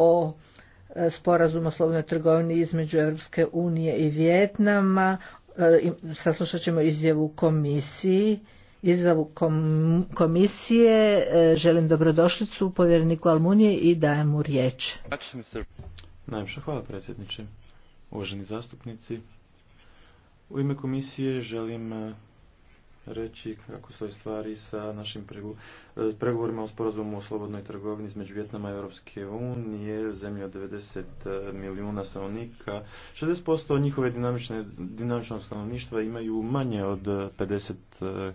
o e, sporazumu o slobodnoj trgovini između Europske unije i Vijetnama. E, saslušat ćemo izjavu komisiji. Izjavu komisije e, želim dobrodošlicu povjereniku Almunije i dajem mu riječ. Najviše hvala predsjedniče, uvaženi zastupnici. U ime komisije želim reći kako stoje stvari sa našim eh, pregovorima o sporazumu o slobodnoj trgovini između Vjetnama i Europske unije, zemlje od 90 eh, milijuna stanovnika. 60% njihove dinamične, dinamičnog stanovništva imaju manje od 50 eh,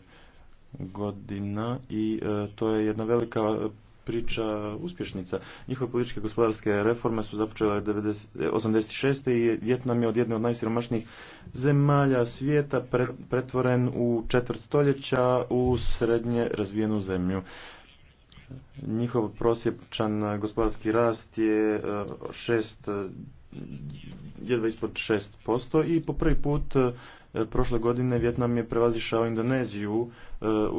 godina i to je jedna velika priča uspješnica. Njihove političke gospodarske reforme su započele 1986. Eh, i Vjetnam je od jedne od najsiromašnijih zemalja svijeta pretvoren u četvrt stoljeća u srednje razvijenu zemlju njihov prosječan eh, gospodarski rast je 6 eh, eh, jedva ispod posto i po prvi put prošle godine Vjetnam je prevazišao Indoneziju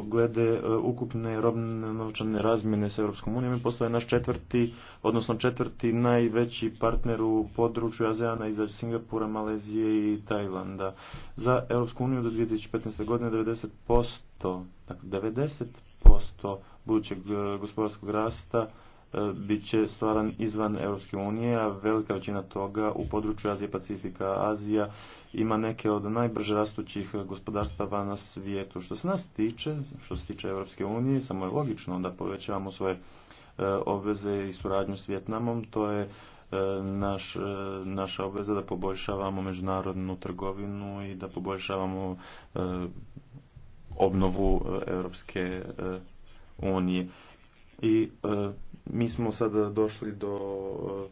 glede ukupne robne novčane razmjene s Europskom unijom i postao je naš četvrti, odnosno četvrti najveći partner u području ASEANA iza Singapura, Malezije i Tajlanda. Za Europsku uniju do 2015. godine 90%, dakle posto budućeg e, gospodarskog rasta e, bit će stvaran izvan Europske unije, a velika većina toga u području Azije Pacifika. Azija ima neke od najbrže rastućih gospodarstava na svijetu. Što se nas tiče, što se tiče Europske unije, samo je logično da povećavamo svoje e, obveze i suradnju s Vjetnamom. To je naš, naša obveza da poboljšavamo međunarodnu trgovinu i da poboljšavamo obnovu e, Europske e, unije. I e, mi smo sada došli do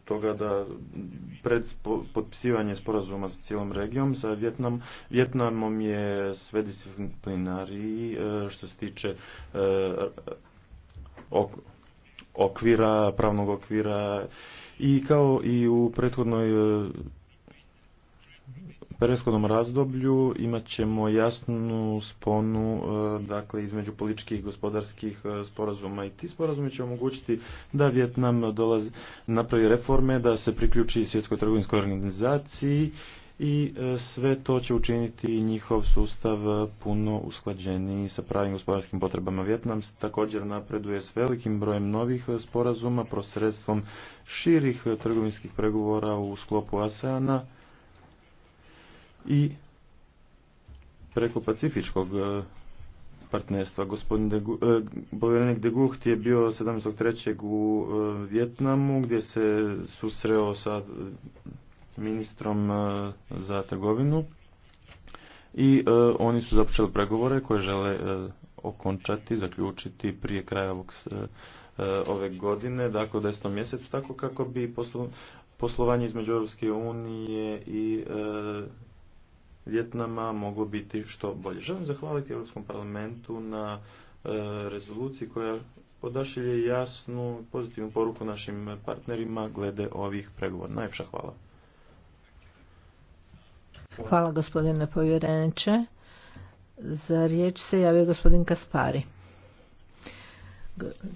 toga da pred potpisivanje sporazuma sa cijelom regijom, sa Vjetnam, Vjetnamom je sve disciplinari što se tiče okvira, pravnog okvira i kao i u prethodnoj prethodnom razdoblju imat ćemo jasnu sponu e, dakle, između političkih i gospodarskih e, sporazuma i ti sporazumi će omogućiti da Vjetnam dolazi, napravi reforme, da se priključi svjetskoj trgovinskoj organizaciji i e, sve to će učiniti njihov sustav puno usklađeniji sa pravim gospodarskim potrebama. Vjetnam također napreduje s velikim brojem novih sporazuma prosredstvom širih trgovinskih pregovora u sklopu ASEANA i preko pacifičkog e, partnerstva. Gospodin de, e, povjerenik de je bio 17.3. u e, Vjetnamu gdje se susreo sa ministrom za trgovinu i oni su započeli pregovore koje žele okončati, zaključiti prije kraja ove godine, dakle u 10. mjesecu, tako kako bi poslovanje između Europske unije i Vjetnama moglo biti što bolje. Želim zahvaliti Europskom parlamentu na e, rezoluciji koja podašilje jasnu pozitivnu poruku našim partnerima glede ovih pregovora. Najljepša hvala. hvala. gospodine povjereniče. Za riječ se javio gospodin Kaspari.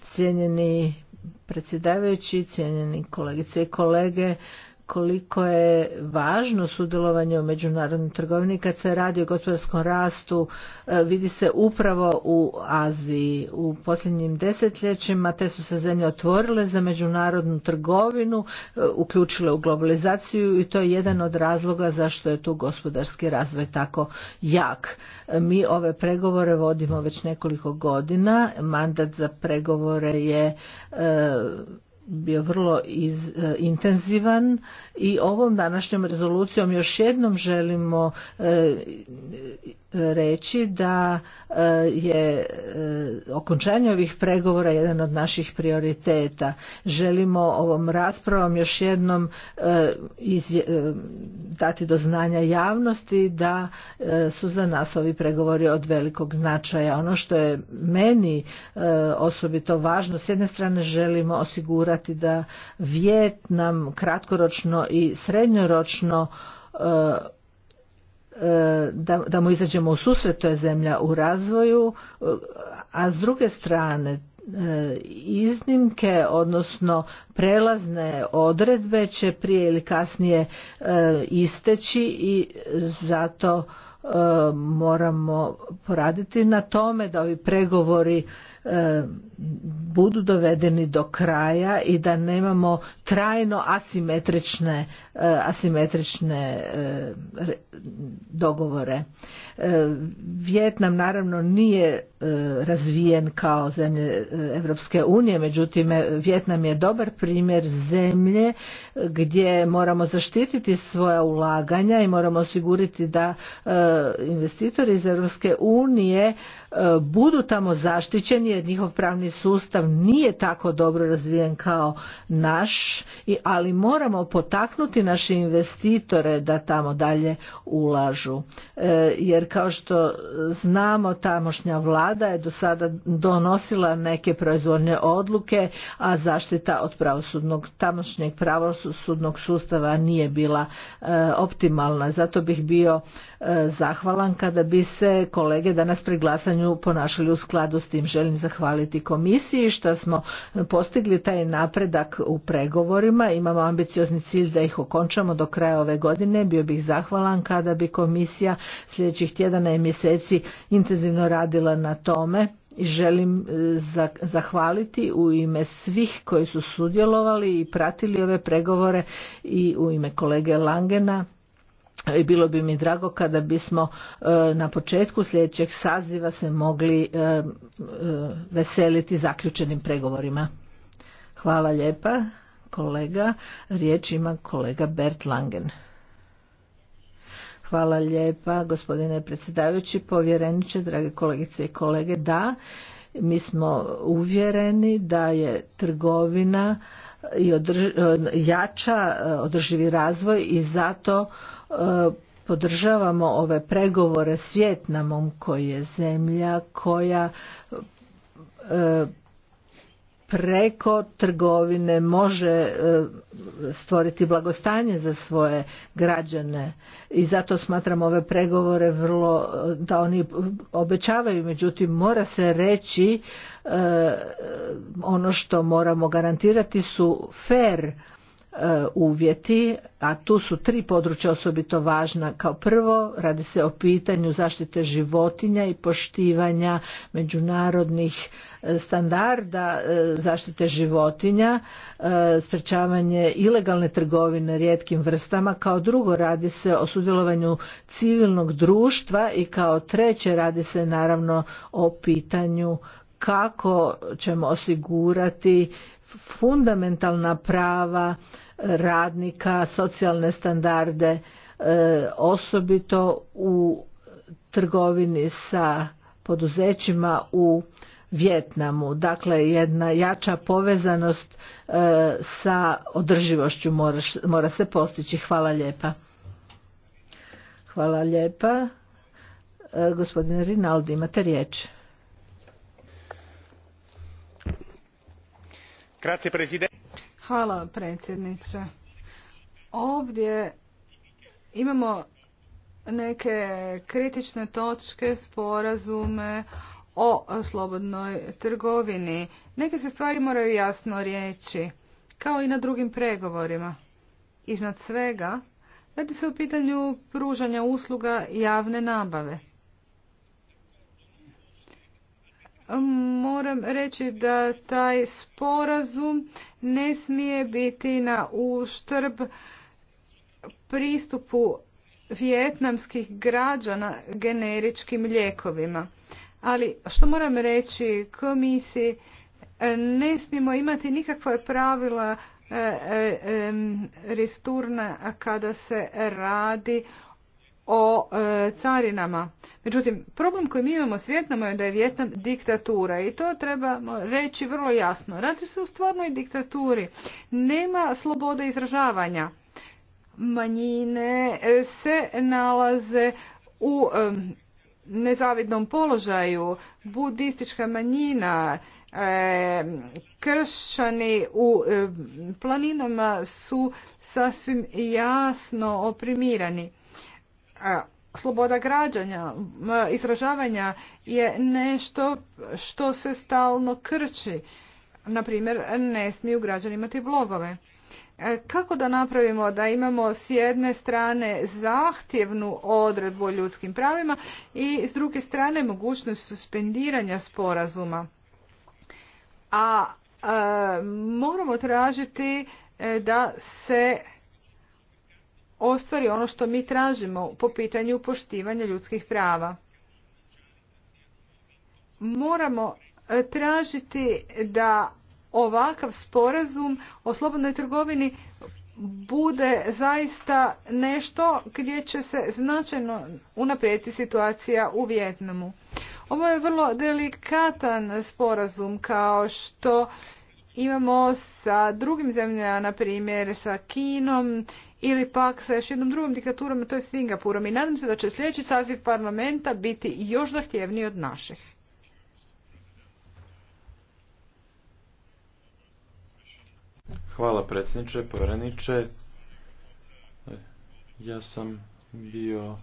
Cijenjeni predsjedavajući, cijenjeni kolegice i kolege, koliko je važno sudjelovanje u međunarodnoj trgovini kad se radi o gospodarskom rastu e, vidi se upravo u Aziji u posljednjim desetljećima te su se zemlje otvorile za međunarodnu trgovinu e, uključile u globalizaciju i to je jedan od razloga zašto je tu gospodarski razvoj tako jak e, mi ove pregovore vodimo već nekoliko godina mandat za pregovore je bio vrlo iz, e, intenzivan i ovom današnjom rezolucijom još jednom želimo e, reći da e, je e, okončanje ovih pregovora jedan od naših prioriteta. Želimo ovom raspravom još jednom e, dati do znanja javnosti da su za nas ovi pregovori od velikog značaja. Ono što je meni osobito važno, s jedne strane želimo osigurati da Vjetnam kratkoročno i srednjoročno da, da mu izađemo u susret, to je zemlja u razvoju, a s druge strane e, iznimke, odnosno prelazne odredbe će prije ili kasnije e, isteći i zato e, moramo poraditi na tome da ovi pregovori E, budu dovedeni do kraja i da nemamo trajno asimetrične, e, asimetrične e, dogovore. Vjetnam naravno nije razvijen kao zemlje Europske unije, međutim Vjetnam je dobar primjer zemlje gdje moramo zaštititi svoja ulaganja i moramo osigurati da investitori iz Europske unije budu tamo zaštićeni jer njihov pravni sustav nije tako dobro razvijen kao naš, ali moramo potaknuti naše investitore da tamo dalje ulažu. E, jer kao što znamo, tamošnja vlada je do sada donosila neke proizvodne odluke, a zaštita od pravosudnog, tamošnjeg pravosudnog sustava nije bila e, optimalna. Zato bih bio e, zahvalan kada bi se kolege danas pri glasanju ponašali u skladu s tim. Želim zahvaliti komisiji što smo postigli taj napredak u pregovorima. Imamo ambiciozni cilj da ih okončamo do kraja ove godine. Bio bih zahvalan kada bi komisija sljedećih tjedana i mjeseci intenzivno radila na tome i želim e, zahvaliti u ime svih koji su sudjelovali i pratili ove pregovore i u ime kolege Langena i bilo bi mi drago kada bismo e, na početku sljedećeg saziva se mogli e, e, veseliti zaključenim pregovorima. Hvala lijepa kolega. Riječ ima kolega Bert Langen. Hvala lijepa gospodine predsjedavajući, povjereniče, drage kolegice i kolege. Da, mi smo uvjereni da je trgovina i održ, e, jača e, održivi razvoj i zato e, podržavamo ove pregovore s Vjetnamom koji je zemlja koja preko trgovine može e, stvoriti blagostanje za svoje građane i zato smatram ove pregovore vrlo e, da oni obećavaju međutim mora se reći e, ono što moramo garantirati su fer E, uvjeti, a tu su tri područja osobito važna. Kao prvo, radi se o pitanju zaštite životinja i poštivanja međunarodnih e, standarda e, zaštite životinja, sprečavanje ilegalne trgovine rijetkim vrstama. Kao drugo, radi se o sudjelovanju civilnog društva i kao treće, radi se naravno o pitanju kako ćemo osigurati fundamentalna prava radnika, socijalne standarde, e, osobito u trgovini sa poduzećima u Vjetnamu. Dakle, jedna jača povezanost e, sa održivošću mora se postići. Hvala lijepa. Hvala lijepa. E, gospodine Rinaldi, imate riječ. Hvala predsjedniče. Ovdje imamo neke kritične točke, sporazume o slobodnoj trgovini. Neke se stvari moraju jasno reći, kao i na drugim pregovorima. Iznad svega, radi se o pitanju pružanja usluga javne nabave. moram reći da taj sporazum ne smije biti na uštrb pristupu vjetnamskih građana generičkim lijekovima. Ali što moram reći komisiji, ne smijemo imati nikakva pravila e, e, e, risturna kada se radi o e, carinama. Međutim, problem koji mi imamo s je da je Vjetnam diktatura i to trebamo reći vrlo jasno. Radi se o stvarnoj diktaturi. Nema slobode izražavanja. Manjine e, se nalaze u e, nezavidnom položaju. Budistička manjina, e, kršćani u planinama su sasvim jasno oprimirani sloboda građanja, izražavanja je nešto što se stalno krči. Naprimjer, ne smiju građani imati blogove. E, kako da napravimo da imamo s jedne strane zahtjevnu odredbu o ljudskim pravima i s druge strane mogućnost suspendiranja sporazuma? A e, moramo tražiti e, da se ostvari ono što mi tražimo po pitanju poštivanja ljudskih prava. Moramo e, tražiti da ovakav sporazum o slobodnoj trgovini bude zaista nešto gdje će se značajno unaprijediti situacija u Vjetnamu. Ovo je vrlo delikatan sporazum kao što imamo sa drugim zemljama, na primjer sa Kinom ili pak sa još jednom drugom diktaturom, to je Singapurom. I nadam se da će sljedeći saziv parlamenta biti još zahtjevniji od naših. Hvala predsjedniče, povjereniče. Ja sam bio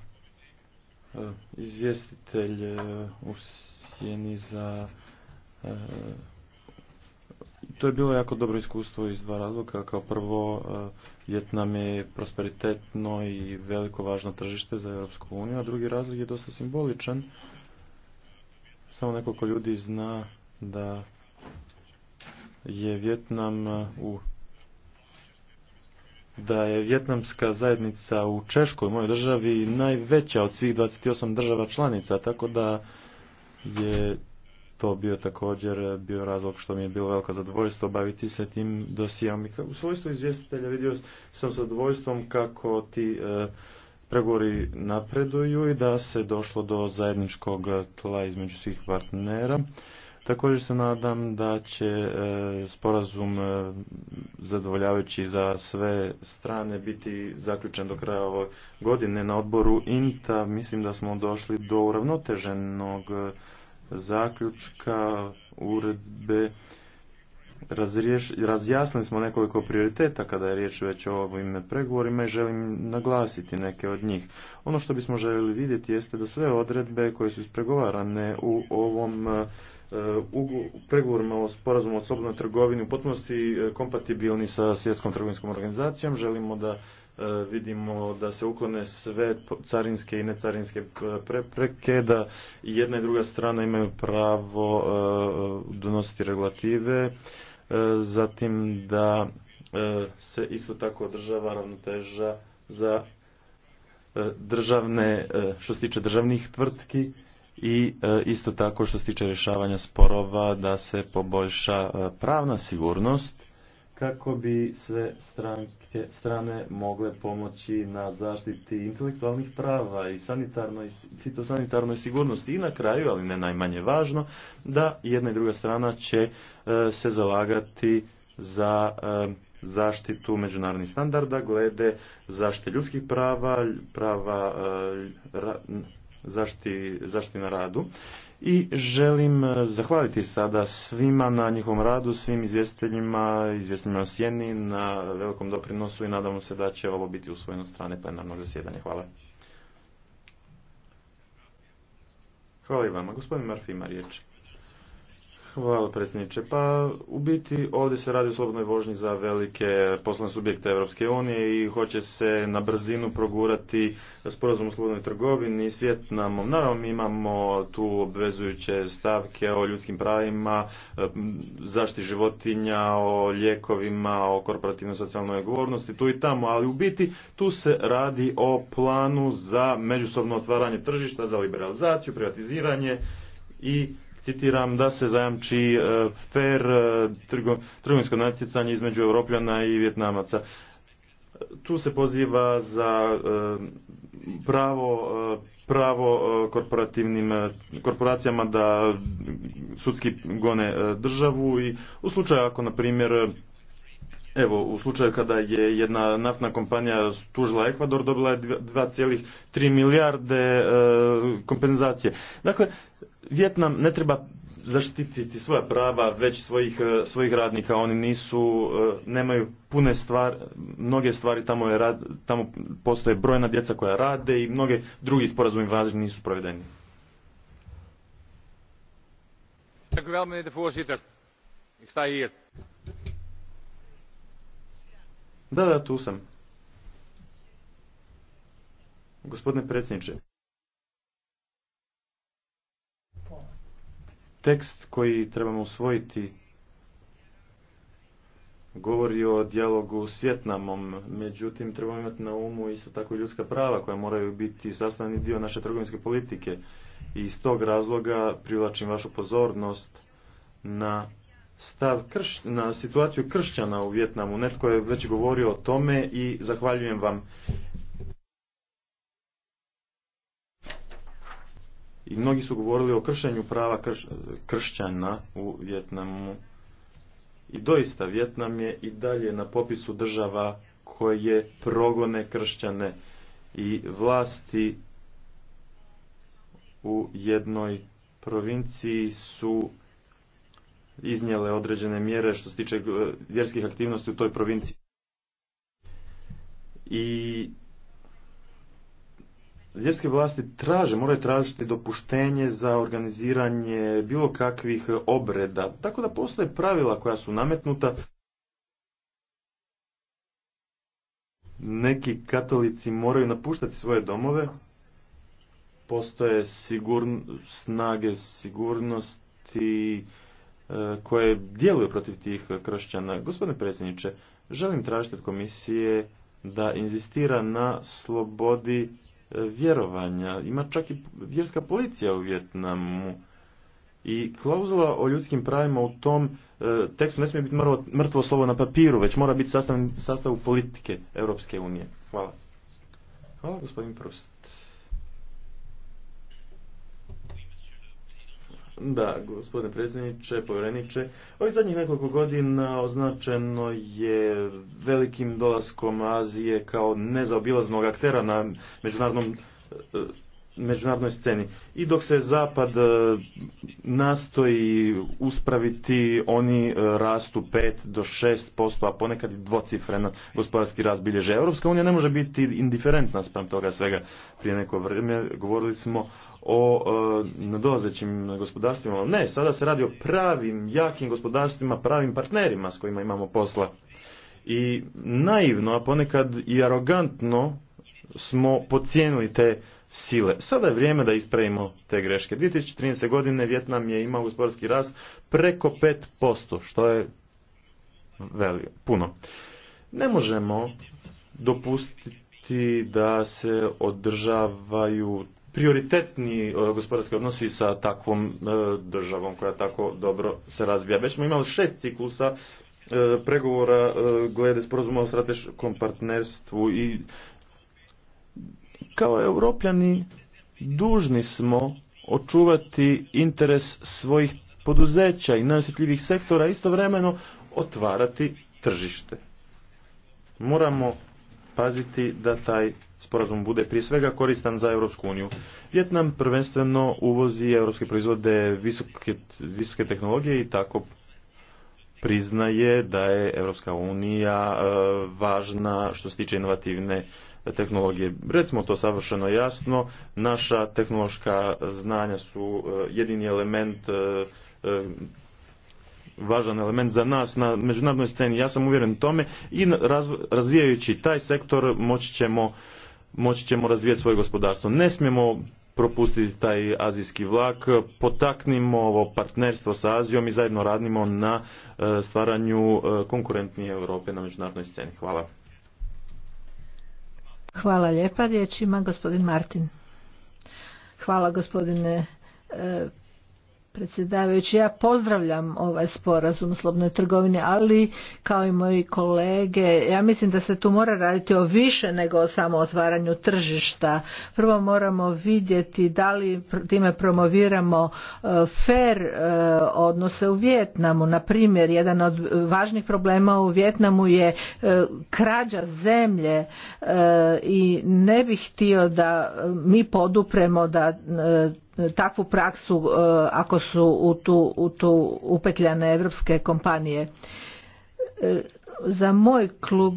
e, izvjestitelj e, u sjeni za e, to je bilo jako dobro iskustvo iz dva razloga. Kao prvo, Vjetnam eh, je prosperitetno i veliko važno tržište za Europsku uniju, a drugi razlog je dosta simboličan. Samo nekoliko ljudi zna da je Vjetnam eh, u da je vjetnamska zajednica u Češkoj, mojoj državi, najveća od svih 28 država članica, tako da je to bio također e, bio razlog što mi je bilo veliko zadovoljstvo baviti se tim dosijom. I u svojstvu izvjestitelja vidio sam zadovoljstvom kako ti e, pregovori napreduju i da se došlo do zajedničkog tla između svih partnera. Također se nadam da će e, sporazum e, zadovoljavajući za sve strane biti zaključen do kraja ove godine na odboru INTA. Mislim da smo došli do uravnoteženog zaključka, uredbe, Razriješ, razjasnili smo nekoliko prioriteta kada je riječ već o ovim pregovorima i želim naglasiti neke od njih. Ono što bismo željeli vidjeti jeste da sve odredbe koje su ispregovarane u ovom e, u pregovorima o sporazumu o slobodnoj trgovini u potpunosti e, kompatibilni sa svjetskom trgovinskom organizacijom. Želimo da E, vidimo da se uklone sve carinske i necarinske e, prepreke, da jedna i druga strana imaju pravo e, donositi regulative, zatim da se isto tako održava ravnoteža za državne, što se tiče državnih tvrtki i isto tako što se tiče rješavanja sporova da se poboljša pravna sigurnost kako bi sve stranke, strane mogle pomoći na zaštiti intelektualnih prava i sanitarnoj, fitosanitarnoj sigurnosti i na kraju, ali ne najmanje važno, da jedna i druga strana će e, se zalagati za e, zaštitu međunarodnih standarda glede zaštite ljudskih prava, prava e, zaštiti na radu i želim e, zahvaliti sada svima na njihovom radu, svim izvjestiteljima, izvjestiteljima o Sjeni na velikom doprinosu i nadamo se da će ovo biti usvojeno strane plenarnog zasjedanja. Hvala. Hvala i vama. Gospodin Marfi ima riječ. Hvala predsjedniče. Pa u biti ovdje se radi o slobodnoj vožnji za velike poslovne subjekte Europske unije i hoće se na brzinu progurati sporazum o slobodnoj trgovini svijet nam. Naravno mi imamo tu obvezujuće stavke o ljudskim pravima, zaštiti životinja, o lijekovima, o korporativnoj socijalnoj odgovornosti tu i tamo, ali u biti tu se radi o planu za međusobno otvaranje tržišta, za liberalizaciju, privatiziranje i citiram, da se zajamči e, fer e, trgovinsko natjecanje između Europljana i Vjetnamaca. Tu se poziva za e, pravo pravo korporativnim korporacijama da sudski gone državu i u slučaju ako na primjer Evo, u slučaju kada je jedna naftna kompanija tužila Ekvador, dobila je 2,3 milijarde e, kompenzacije. Dakle, Vjetnam ne treba zaštititi svoja prava već svojih, e, svojih radnika. Oni nisu, e, nemaju pune stvari, mnoge stvari tamo, je, tamo postoje brojna djeca koja rade i mnoge drugi sporazumi važni nisu provedeni. Dank u wel, meneer de voorzitter. Ik sta hier. Da, da, tu sam. Gospodine predsjedniče. Tekst koji trebamo usvojiti govori o dijalogu s Vjetnamom, međutim trebamo imati na umu isto tako i ljudska prava koja moraju biti sastavni dio naše trgovinske politike i iz tog razloga privlačim vašu pozornost na stav krš, na situaciju kršćana u Vjetnamu. Netko je već govorio o tome i zahvaljujem vam. I mnogi su govorili o kršenju prava kršćana u Vjetnamu. I doista Vjetnam je i dalje na popisu država koje progone kršćane i vlasti u jednoj provinciji su iznijele određene mjere što se tiče e, vjerskih aktivnosti u toj provinciji. I vjerske vlasti traže, moraju tražiti dopuštenje za organiziranje bilo kakvih obreda. Tako da postoje pravila koja su nametnuta. Neki katolici moraju napuštati svoje domove. Postoje sigurn... snage sigurnosti koje djeluju protiv tih kršćana. Gospodine predsjedniče, želim tražiti od komisije da inzistira na slobodi e, vjerovanja. Ima čak i vjerska policija u Vjetnamu. I klauzula o ljudskim pravima u tom e, tekstu ne smije biti mrtvo slovo na papiru, već mora biti sastav, sastavu politike Europske unije. Hvala. Hvala gospodin Prost. Da, gospodine predsjedniče, povjereniče, ovih zadnjih nekoliko godina označeno je velikim dolaskom Azije kao nezaobilaznog aktera na međunarodnom e, međunarodnoj sceni. I dok se Zapad e, nastoji uspraviti, oni e, rastu 5 do 6%, a ponekad i dvocifrena gospodarski rast bilježe. Europska unija ne može biti indiferentna sprem toga svega. Prije neko vrijeme govorili smo o e, nadolazećim gospodarstvima. Ne, sada se radi o pravim, jakim gospodarstvima, pravim partnerima s kojima imamo posla. I naivno, a ponekad i arogantno smo pocijenili te sile. Sada je vrijeme da ispravimo te greške. 2013. godine Vjetnam je imao gospodarski rast preko 5%, što je veli, puno. Ne možemo dopustiti da se održavaju prioritetni e, gospodarski odnosi sa takvom e, državom koja tako dobro se razvija. Već smo imali šest ciklusa e, pregovora glede sporazuma o strateškom partnerstvu i kao europljani dužni smo očuvati interes svojih poduzeća i najosjetljivih sektora, istovremeno otvarati tržište. Moramo paziti da taj sporazum bude prije svega koristan za Europsku uniju. Vjetnam prvenstveno uvozi europske proizvode visoke, visoke tehnologije i tako priznaje da je Europska unija e, važna što se tiče inovativne tehnologije. Recimo to savršeno jasno, naša tehnološka znanja su e, jedini element e, e, važan element za nas na međunarodnoj sceni. Ja sam uvjeren tome i razvijajući taj sektor moći ćemo, razvijati svoje gospodarstvo. Ne smijemo propustiti taj azijski vlak, potaknimo ovo partnerstvo sa Azijom i zajedno radimo na stvaranju konkurentnije Europe na međunarodnoj sceni. Hvala. Hvala lijepa. Riječ ima gospodin Martin. Hvala gospodine e, predsjedavajući. Ja pozdravljam ovaj sporazum slobnoj trgovini, ali kao i moji kolege, ja mislim da se tu mora raditi o više nego o samo otvaranju tržišta. Prvo moramo vidjeti da li time promoviramo e, fer e, odnose u Vjetnamu. Na primjer, jedan od važnih problema u Vjetnamu je e, krađa zemlje i ne bih htio da mi podupremo da takvu praksu e, ako su u tu, u upetljane europske kompanije e, za moj klub,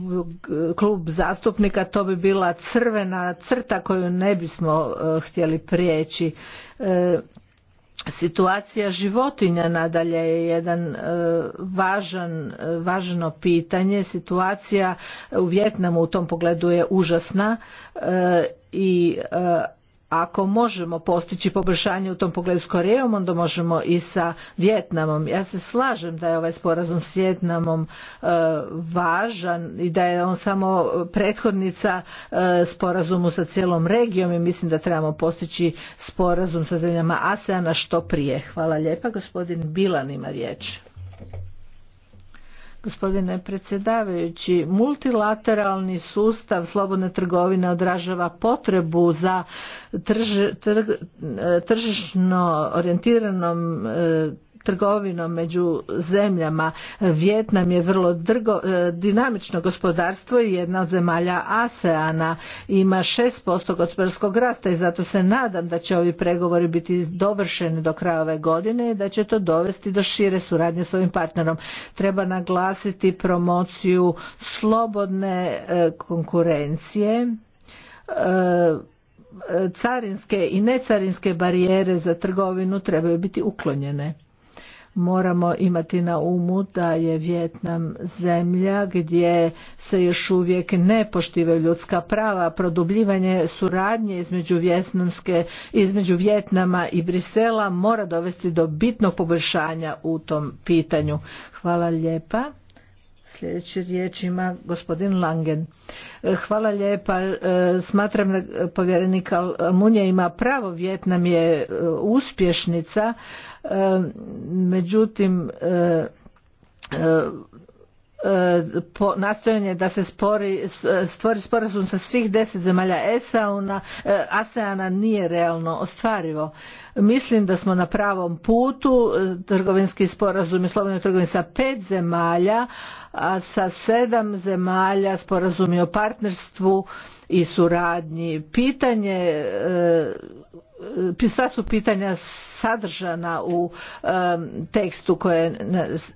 klub zastupnika to bi bila crvena crta koju ne bismo e, htjeli prijeći situacija životinja nadalje je jedan važan važno pitanje situacija u Vjetnamu u tom pogledu je užasna i ako možemo postići poboljšanje u tom pogledu s Korejom, onda možemo i sa Vjetnamom. Ja se slažem da je ovaj sporazum s Vjetnamom e, važan i da je on samo prethodnica e, sporazumu sa cijelom regijom i mislim da trebamo postići sporazum sa zemljama ASEANA što prije. Hvala lijepa. Gospodin Bilan ima riječ. Gospodine predsjedavajući, multilateralni sustav slobodne trgovine odražava potrebu za trž, trg, tržišno orijentiranom e, trgovinom među zemljama. Vjetnam je vrlo e, dinamično gospodarstvo i jedna od zemalja ASEANA ima 6% gospodarskog rasta i zato se nadam da će ovi pregovori biti dovršeni do kraja ove godine i da će to dovesti do šire suradnje s ovim partnerom. Treba naglasiti promociju slobodne e, konkurencije e, carinske i necarinske barijere za trgovinu trebaju biti uklonjene moramo imati na umu da je Vjetnam zemlja gdje se još uvijek ne poštivaju ljudska prava. Produbljivanje suradnje između, između Vjetnama i Brisela mora dovesti do bitnog poboljšanja u tom pitanju. Hvala lijepa. Sljedeći riječ ima gospodin Langen. E, hvala lijepa. E, smatram da povjerenika Munja ima pravo. Vjetnam je e, uspješnica. Međutim, E, nastojanje da se e, stvori sporazum sa svih deset zemalja esauna e, ASEANA nije realno ostvarivo. Mislim da smo na pravom putu, trgovinski sporazum i slobodno trgovin sa pet zemalja, a sa sedam zemalja sporazumi o partnerstvu i suradnji. Pitanje, sva su pitanja sadržana u tekstu koje je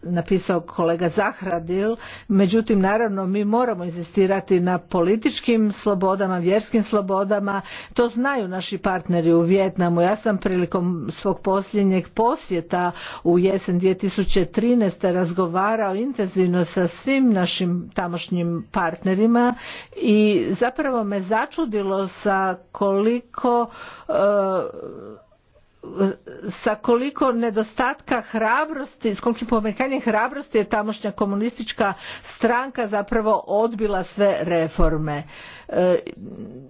napisao kolega Zahradil. Međutim, naravno, mi moramo inzistirati na političkim slobodama, vjerskim slobodama. To znaju naši partneri u Vjetnamu. Ja sam prilikom svog posljednjeg posjeta u jesen 2013. razgovarao intenzivno sa svim našim tamošnjim partnerima i zapravo me začudilo sa koliko e, sa koliko nedostatka hrabrosti, s kolikim pomekanjem hrabrosti je tamošnja komunistička stranka zapravo odbila sve reforme. E,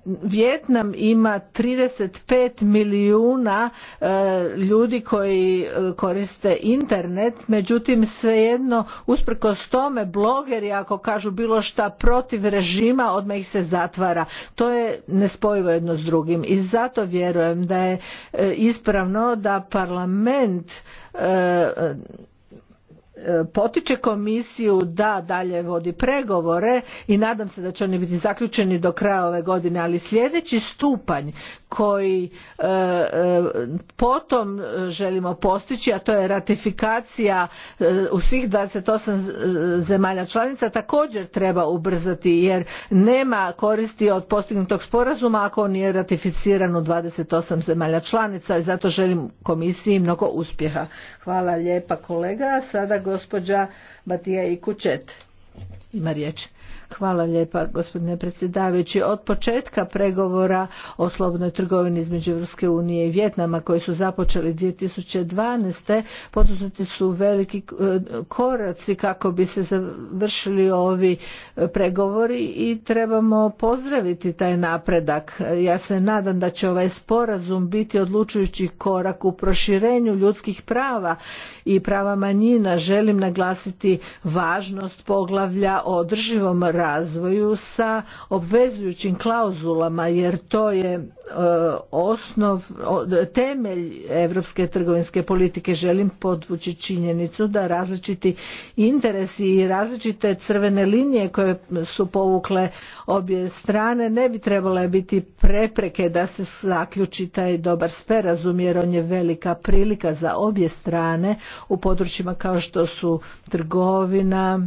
Vijetnam Vjetnam ima 35 milijuna e, ljudi koji e, koriste internet, međutim svejedno usprkos tome blogeri ako kažu bilo šta protiv režima odmah ih se zatvara. To je nespojivo jedno s drugim i zato vjerujem da je ispravno naravno da parlament e, e, potiče komisiju da dalje vodi pregovore i nadam se da će oni biti zaključeni do kraja ove godine ali sljedeći stupanj koji e, e, potom želimo postići a to je ratifikacija e, u svih 28 zemalja članica također treba ubrzati jer nema koristi od postignutog sporazuma ako on nije ratificiran u 28 zemalja članica i zato želim komisiji mnogo uspjeha. Hvala lijepa kolega. Sada gospođa Batija Ikučet ima riječ. Hvala lijepa gospodine predsjedavajući. Od početka pregovora o slobodnoj trgovini između Europske unije i Vijetnama koji su započeli 2012. poduzeti su veliki eh, koraci kako bi se završili ovi eh, pregovori i trebamo pozdraviti taj napredak. Ja se nadam da će ovaj sporazum biti odlučujući korak u proširenju ljudskih prava i prava manjina. Želim naglasiti važnost poglavlja o održivom razvoju sa obvezujućim klauzulama jer to je e, osnov temelj europske trgovinske politike želim podvući činjenicu da različiti interesi i različite crvene linije koje su povukle obje strane ne bi trebale biti prepreke da se zaključi taj dobar sperazum jer on je velika prilika za obje strane u područjima kao što su trgovina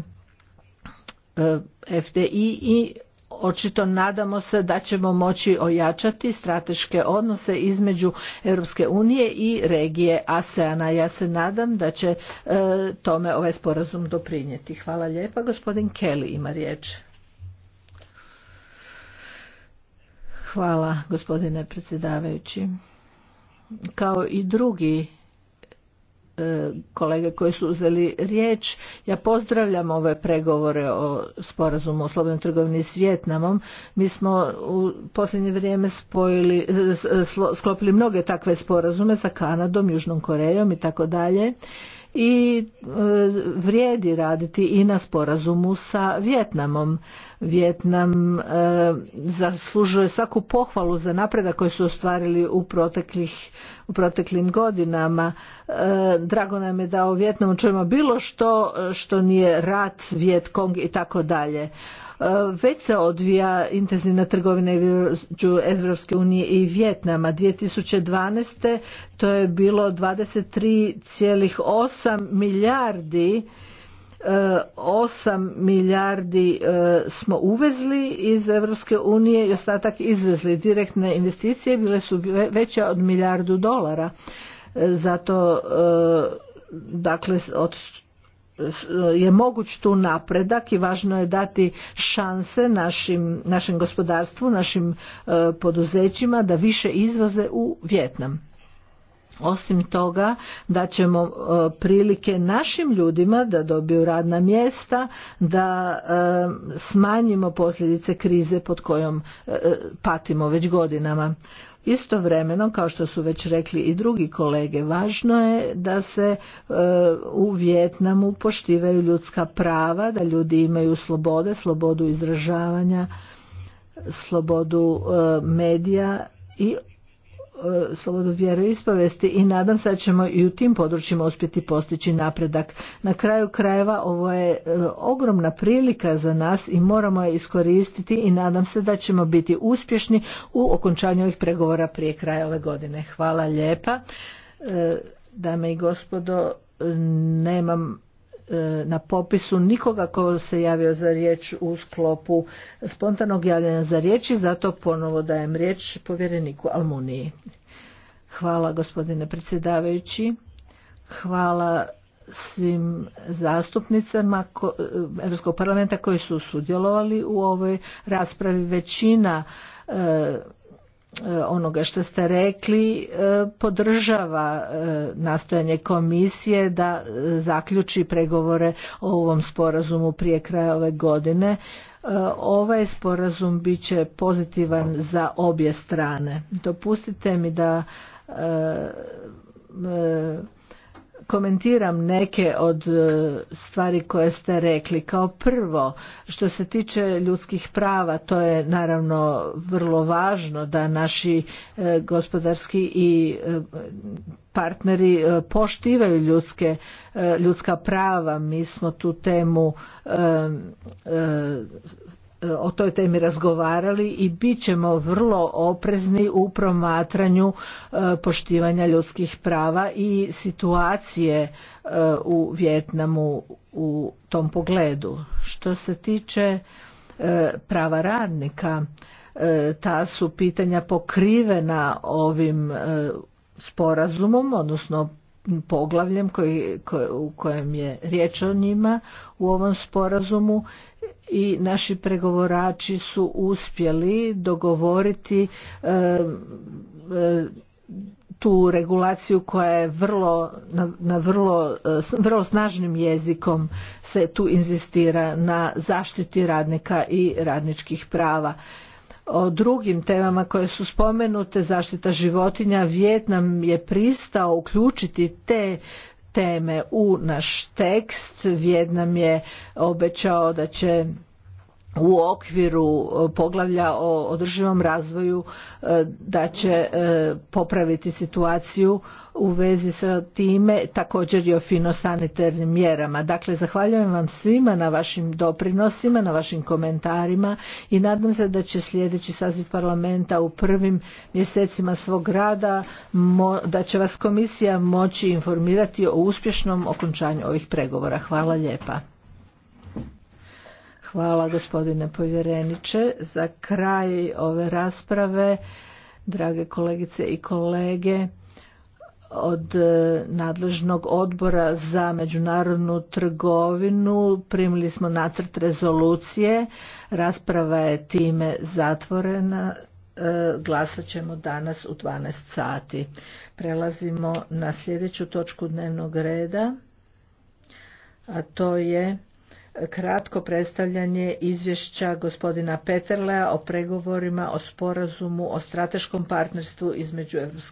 E, FDI i očito nadamo se da ćemo moći ojačati strateške odnose između Europske unije i regije ASEANA. Ja se nadam da će e, tome ovaj sporazum doprinijeti. Hvala lijepa. Gospodin Kelly ima riječ. Hvala gospodine predsjedavajući. Kao i drugi E, kolege koji su uzeli riječ. Ja pozdravljam ove pregovore o sporazumu o slobodnoj trgovini s Vjetnamom. Mi smo u posljednje vrijeme spojili, e, e, sklopili mnoge takve sporazume sa Kanadom, Južnom Korejom i tako dalje. I vrijedi raditi i na sporazumu sa Vjetnamom. Vjetnam zaslužuje svaku pohvalu za napredak koji su ostvarili u, u proteklim godinama E, drago nam je da o Vjetnamu čujemo bilo što što nije rat, Vjetkong i tako dalje. E, već se odvija intenzivna trgovina između Evropske unije i Vjetnama. 2012. to je bilo 23,8 milijardi 8 e, milijardi smo uvezli iz Evropske unije i ostatak izvezli. Direktne investicije bile su veće od milijardu dolara zato e, dakle od je moguć tu napredak i važno je dati šanse našim, našem gospodarstvu, našim e, poduzećima da više izvoze u Vjetnam osim toga da ćemo e, prilike našim ljudima da dobiju radna mjesta da e, smanjimo posljedice krize pod kojom e, patimo već godinama istovremeno kao što su već rekli i drugi kolege važno je da se u Vijetnamu poštivaju ljudska prava da ljudi imaju slobode slobodu izražavanja slobodu medija i E, slobodu ispovesti i nadam se da ćemo i u tim područjima uspjeti postići napredak. Na kraju krajeva ovo je e, ogromna prilika za nas i moramo je iskoristiti i nadam se da ćemo biti uspješni u okončanju ovih pregovora prije kraja ove godine. Hvala lijepa. E, dame i gospodo, nemam E, na popisu nikoga ko se javio za riječ u sklopu spontanog javljanja za riječ i zato ponovo dajem riječ povjereniku Almuniji. Hvala gospodine predsjedavajući, hvala svim zastupnicama e, Europskog parlamenta koji su sudjelovali u ovoj raspravi. Većina e, E, onoga što ste rekli e, podržava e, nastojanje komisije da zaključi pregovore o ovom sporazumu prije kraja ove godine. Ovaj sporazum bit će pozitivan za obje strane. Dopustite mi da komentiram neke od e, stvari koje ste rekli. Kao prvo, što se tiče ljudskih prava, to je naravno vrlo važno da naši e, gospodarski i e, partneri poštivaju ljudske, ljudska prava. Mi smo tu temu E, o toj temi razgovarali i bit ćemo vrlo oprezni u promatranju e, poštivanja ljudskih prava i situacije e, u Vjetnamu u tom pogledu. Što se tiče prava radnika, ta su pitanja pokrivena ovim sporazumom, odnosno poglavljem koji, u kojem je riječ o njima u ovom sporazumu i naši pregovorači su uspjeli dogovoriti tu regulaciju koja je vrlo, na, na vrlo, vrlo snažnim jezikom se tu inzistira na zaštiti radnika i radničkih prava o drugim temama koje su spomenute, zaštita životinja, Vjetnam je pristao uključiti te teme u naš tekst. Vjetnam je obećao da će u okviru e, poglavlja o održivom razvoju e, da će e, popraviti situaciju u vezi sa time također i o finosanitarnim mjerama. Dakle, zahvaljujem vam svima na vašim doprinosima, na vašim komentarima i nadam se da će sljedeći saziv parlamenta u prvim mjesecima svog rada da će vas komisija moći informirati o uspješnom okončanju ovih pregovora. Hvala lijepa. Hvala gospodine povjereniče. Za kraj ove rasprave, drage kolegice i kolege, od e, nadležnog odbora za međunarodnu trgovinu primili smo nacrt rezolucije. Rasprava je time zatvorena. E, glasat ćemo danas u 12 sati. Prelazimo na sljedeću točku dnevnog reda, a to je kratko predstavljanje izvješća gospodina Peterlea o pregovorima o sporazumu o strateškom partnerstvu između EU